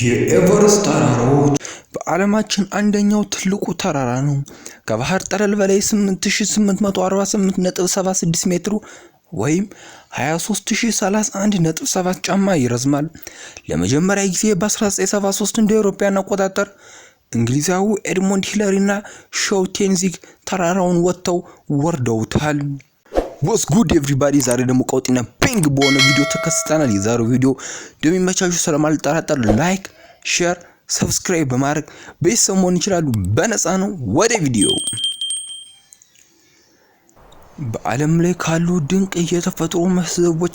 የኤቨረስት ተራራዎች በዓለማችን አንደኛው ትልቁ ተራራ ነው። ከባህር ጠለል በላይ 8848.76 ሜትሩ ወይም 23031.7 ጫማ ይረዝማል። ለመጀመሪያ ጊዜ በ1973 እንደ አውሮፓውያን አቆጣጠር እንግሊዛዊ ኤድሞንድ ሂለሪ እና ሾው ቴንዚግ ተራራውን ወጥተው ወርደውታል። ቦስ ጉድ ኤቭሪባዲ፣ ዛሬ ደግሞ ቀውጢና ፔንግ በሆነ ቪዲዮ ተከስተናል። የዛሬው ቪዲዮ እንደሚመቻችሁ ስለማልጠራጠር ላይክ፣ ሼር፣ ሰብስክራይብ በማድረግ ቤተሰብ መሆን ይችላሉ። በነፃ ነው። ወደ ቪዲዮ። በዓለም ላይ ካሉ ድንቅ የተፈጥሮ መስህቦች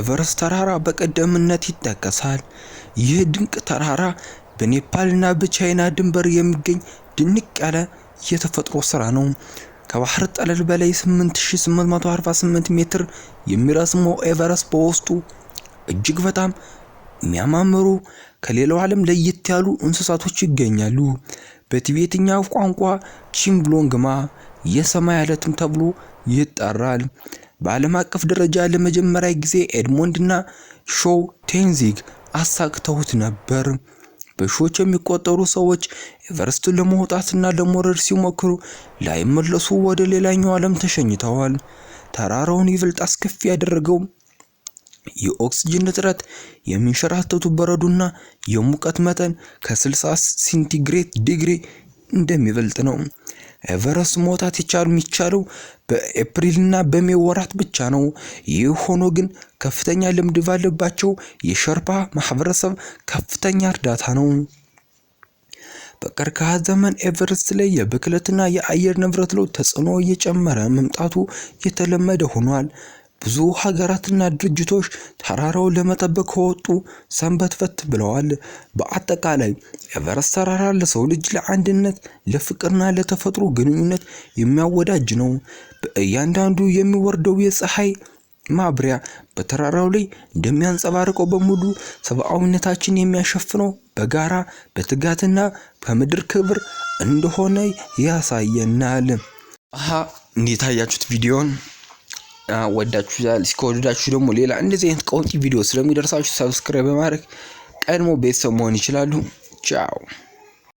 ኤቨረስት ተራራ በቀደምነት ይጠቀሳል። ይህ ድንቅ ተራራ በኔፓልና በቻይና ድንበር የሚገኝ ድንቅ ያለ የተፈጥሮ ስራ ነው። ከባህር ጠለል በላይ 8848 ሜትር የሚረዝመው ኤቨረስት በውስጡ እጅግ በጣም የሚያማምሩ ከሌላው ዓለም ለየት ያሉ እንስሳቶች ይገኛሉ። በቲቤትኛ ቋንቋ ቺምብሎንግማ የሰማይ አለትም ተብሎ ይጠራል። በዓለም አቀፍ ደረጃ ለመጀመሪያ ጊዜ ኤድሞንድ እና ሾው ቴንዚግ አሳክተውት ነበር። በሺዎች የሚቆጠሩ ሰዎች ኤቨርስትን ለመውጣትና ለመውረድ ሲሞክሩ ላይመለሱ ወደ ሌላኛው ዓለም ተሸኝተዋል። ተራራውን ይበልጥ አስከፊ ያደረገው የኦክስጅን እጥረት፣ የሚንሸራተቱ በረዶና የሙቀት መጠን ከ60 ሴንቲግሬድ ዲግሪ እንደሚበልጥ ነው። ኤቨረስ መውጣት ይቻሉ የሚቻለው በኤፕሪልና በሜ ወራት ብቻ ነው። ይህ ሆኖ ግን ከፍተኛ ልምድ ባለባቸው የሸርፓ ማህበረሰብ ከፍተኛ እርዳታ ነው። በቀርከሃ ዘመን ኤቨረስት ላይ የብክለትና የአየር ንብረት ለውጥ ተጽዕኖ እየጨመረ መምጣቱ የተለመደ ሆኗል። ብዙ ሀገራትና ድርጅቶች ተራራውን ለመጠበቅ ከወጡ ሰንበት ፈት ብለዋል። በአጠቃላይ ኤቨረስት ተራራ ለሰው ልጅ ለአንድነት፣ ለፍቅርና ለተፈጥሮ ግንኙነት የሚያወዳጅ ነው። በእያንዳንዱ የሚወርደው የፀሐይ ማብሪያ በተራራው ላይ እንደሚያንጸባርቀው በሙሉ ሰብአዊነታችን የሚያሸፍነው በጋራ በትጋትና ከምድር ክብር እንደሆነ ያሳየናል። አሀ እንዴት አያችሁት ቪዲዮን? ወዳችሁታል። እስከወደዳችሁ ደግሞ ሌላ እንደዚህ አይነት ቀውጢ ቪዲዮ ስለሚደርሳችሁ ሰብስክራይብ በማድረግ ቀድሞ ቤተሰብ መሆን ይችላሉ። ቻው